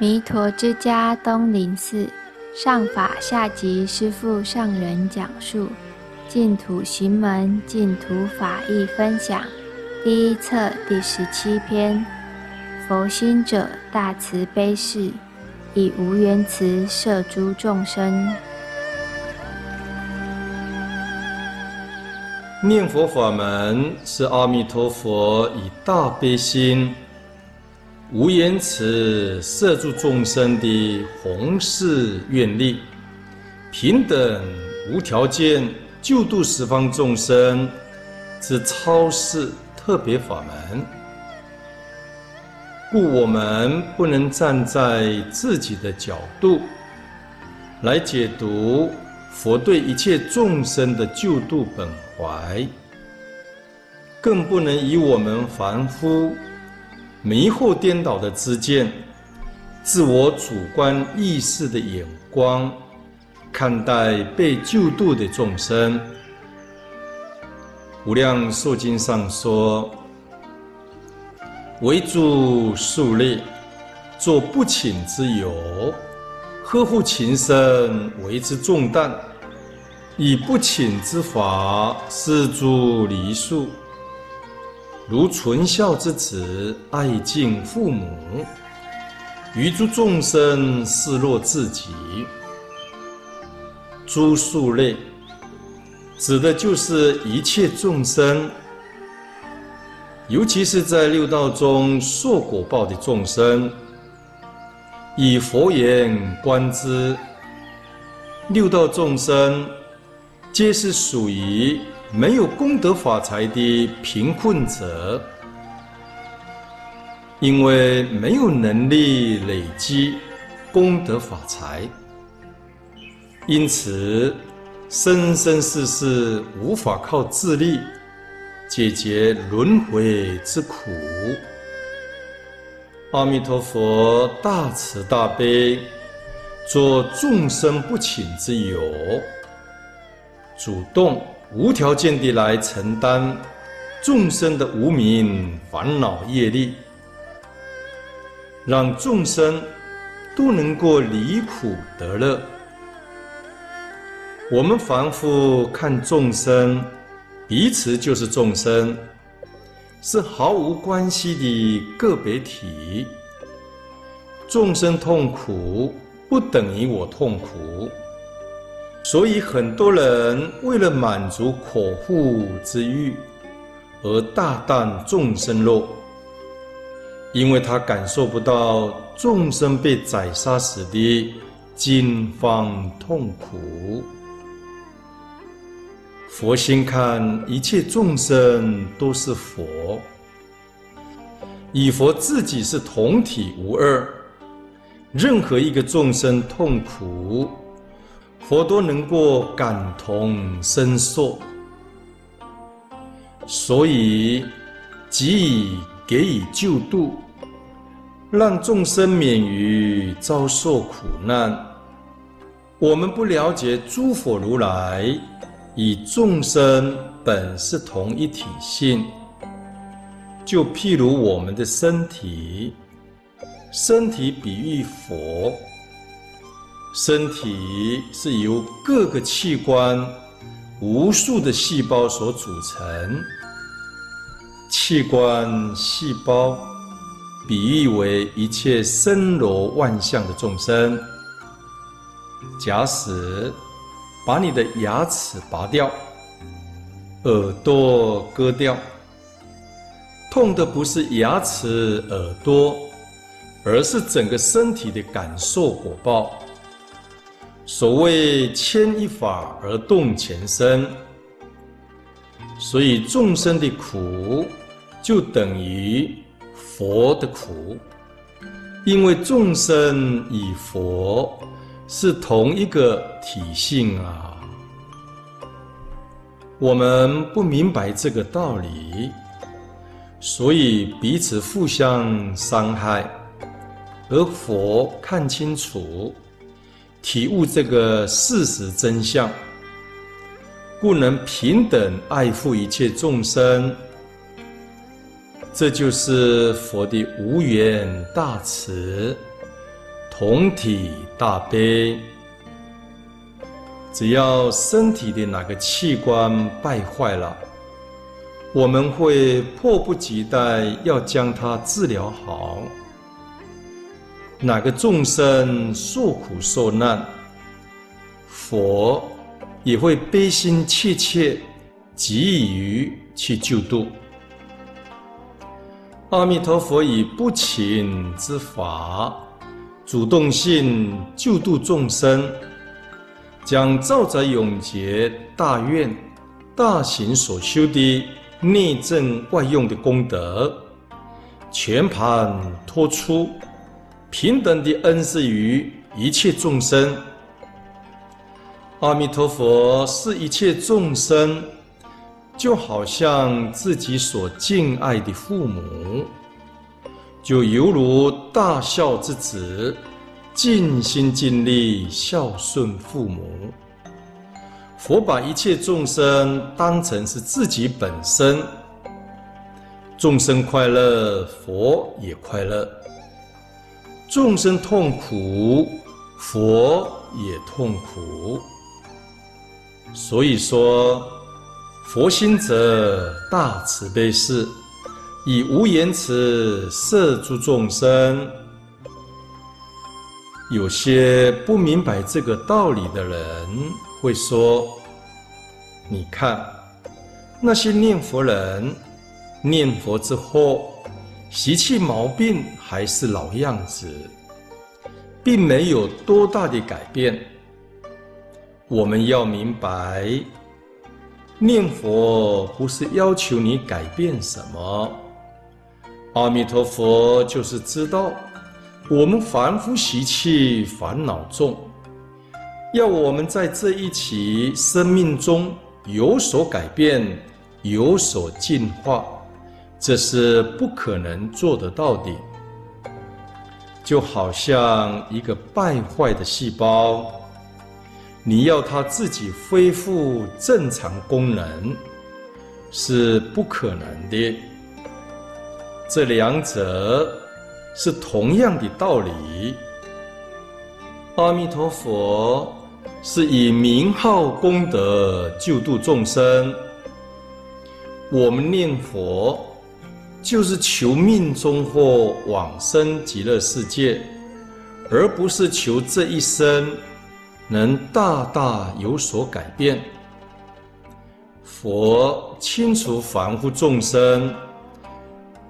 彌陀之家東林寺上法下寂師父上人講述《淨土行門》淨土法義分享第一冊第十七篇：佛心者，大慈悲是，以無緣慈攝諸眾生。念佛法門是阿彌陀佛以大悲心。無緣慈攝諸眾生的弘誓願力，平等無條件救度十方眾生之超世特別法門，故我們不能站在自己的角度來解讀佛對一切眾生的救度本懷，更不能以我們凡夫。迷惑顛倒的知見，自我主觀意識的眼光看待被救度的眾生，《無量壽經》上說：“為諸庶類，作不請之友，呵護情深，為之重擔，以不請之法施諸黎庶。”如純孝之子，愛敬父母；於諸眾生，視若自己。諸數類，指的就是一切眾生，尤其是在六道中受果報的眾生。以佛言觀之，六道眾生皆是屬於。沒有功德法財的貧困者，因為沒有能力累積功德法財，因此生生世世無法靠自力解決輪迴之苦。阿彌陀佛，大慈大悲，做眾生不請之友，主動。無條件地來承擔眾生的無明煩惱業力，讓眾生都能夠離苦得樂。我們凡夫看眾生，彼此就是眾生，是毫無關係的個別體。眾生痛苦，不等於我痛苦。所以，很多人為了滿足口腹之欲而大啖眾生肉，因為他感受不到眾生被宰殺時的驚慌痛苦。佛心看一切眾生都是佛，以佛自己是同體無二，任何一個眾生痛苦。佛都能夠感同身受，所以，以給予、給予救度，讓眾生免於遭受苦難。我們不了解諸佛如來與眾生本是同一體性，就譬如我們的身體，身體比喻佛。身體是由各個器官、無數的細胞所組成。器官、細胞，比喻為一切森羅萬象的眾生。假使把你的牙齒拔掉、耳朵割掉，痛的不是牙齒、耳朵，而是整個身體的感受果報，所謂牽一髮而動全身，所以眾生的苦就等於佛的苦，因為眾生與佛是同一個體性啊。我們不明白這個道理，所以彼此互相傷害，而佛看清楚。體悟這個事實真相，故能平等愛護一切眾生。這就是佛的無緣大慈，同體大悲。只要身體的哪個器官敗壞了，我們會迫不及待要將它治療好。哪個眾生受苦受難，佛也會悲心切切，急於去救度。阿彌陀佛以不請之法，主動性救度眾生，將兆載永劫大願、大行所修的內證外用的功德，全盤托出。平等的恩賜於一切眾生，阿彌陀佛視一切眾生，就好像自己所敬愛的父母，就猶如大孝之子，盡心盡力孝順父母。佛把一切眾生當成是自己本身，眾生快樂，佛也快樂。眾生痛苦，佛也痛苦。所以說，佛心者大慈悲是，以無緣慈攝諸眾生。有些不明白這個道理的人，會說：“你看，那些念佛人，念佛之後。習氣毛病還是老樣子，並沒有多大的改變。我們要明白，念佛不是要求你改變什麼，阿彌陀佛就是知道我們凡夫習氣煩惱重，要我們在這一期生命中有所改變，有所進化。這是不可能做得到的，就好像一個敗壞的細胞，你要它自己恢復正常功能是不可能的。這兩者是同樣的道理。阿彌陀佛是以名號功德救度眾生，我們念佛。就是求命中或往生極樂世界，而不是求這一生能大大有所改變。佛清楚凡夫眾生，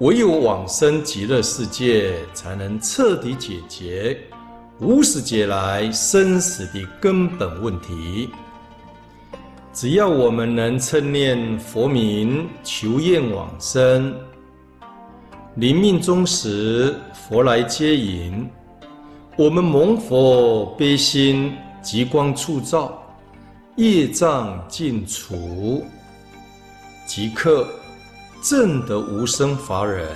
唯有往生極樂世界，才能徹底解決無始劫來生死的根本問題。只要我們能稱念佛名，求願往生。臨命終時，佛來接引，我們蒙佛悲心，極光觸照，業障盡除，即刻證得無生法忍。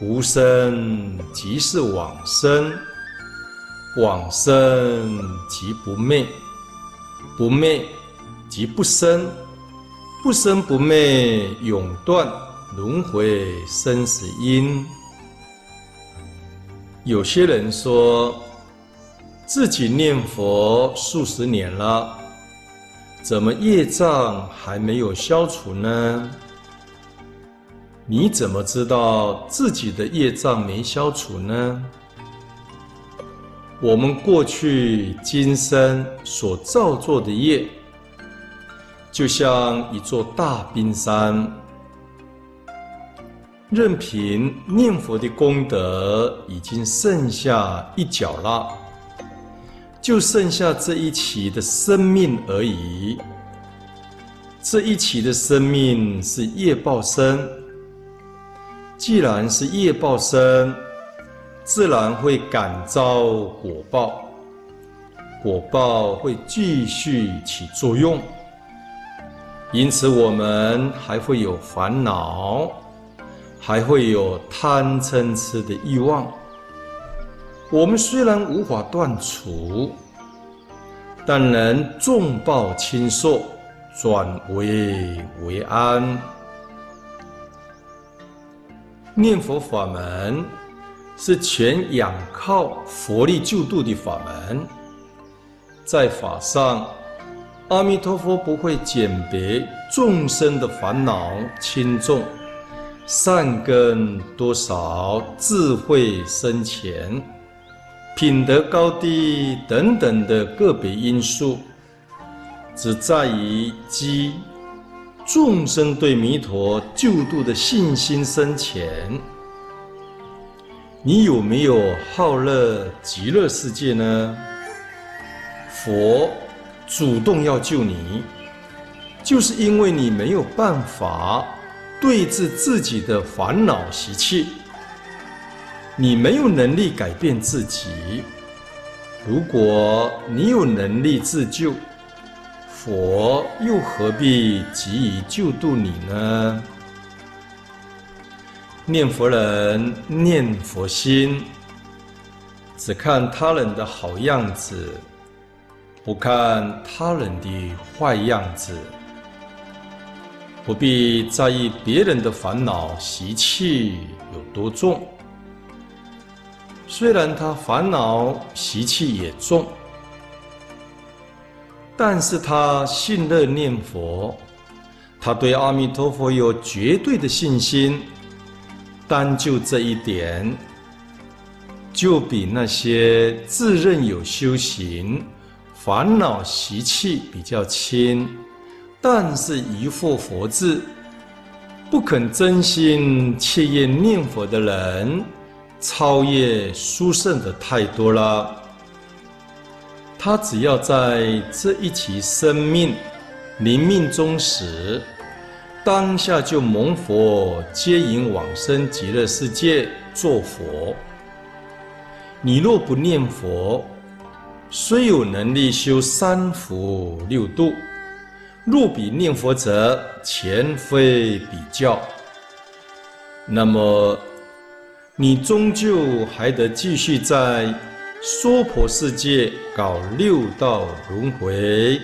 無生即是往生，往生即不滅，不滅即不生，不生不滅，永斷輪回生死因。有些人說自己念佛數十年了，怎麼業障還沒有消除呢？你怎麼知道自己的業障沒消除呢？我們過去今生所造作的業，就像一座大冰山。任憑念佛的功德已經剩下一角了，就剩下這一期的生命而已。這一期的生命是業報身，既然是業報身，自然會感召果報，果報會繼續起作用，因此我們還會有煩惱。還會有貪嗔癡的慾望。我們雖然無法斷除，但能重報輕受，轉危為安。念佛法門是全仰靠佛力救度的法門，在法上，阿彌陀佛不會鑑別眾生的煩惱輕重。善根多少、智慧深淺、品德高低等等的個別因素，只在於及眾生對彌陀救度的信心深淺。你有沒有好樂極樂世界呢？佛主動要救你，就是因為你沒有辦法。對治自己的煩惱習氣，你沒有能力改變自己。如果你有能力自救，佛又何必急於救度你呢？念佛人念佛心，只看他人的好樣子，不看他人的壞樣子。不必在意別人的煩惱習氣有多重，雖然他煩惱習氣也重，但是他信樂念佛，他對阿彌陀佛有絕對的信心，單就這一點，就比那些自認有修行、煩惱習氣比較輕。但是，疑惑佛智，不肯真心切願念佛的人，超越殊勝的太多了。他只要在這一期生命臨命終時，當下就蒙佛接引往生極樂世界做佛。你若不念佛，雖有能力修三福六度。若比念佛者，者前非比較。那麼，你終究還得繼續在娑婆世界搞六道輪迴。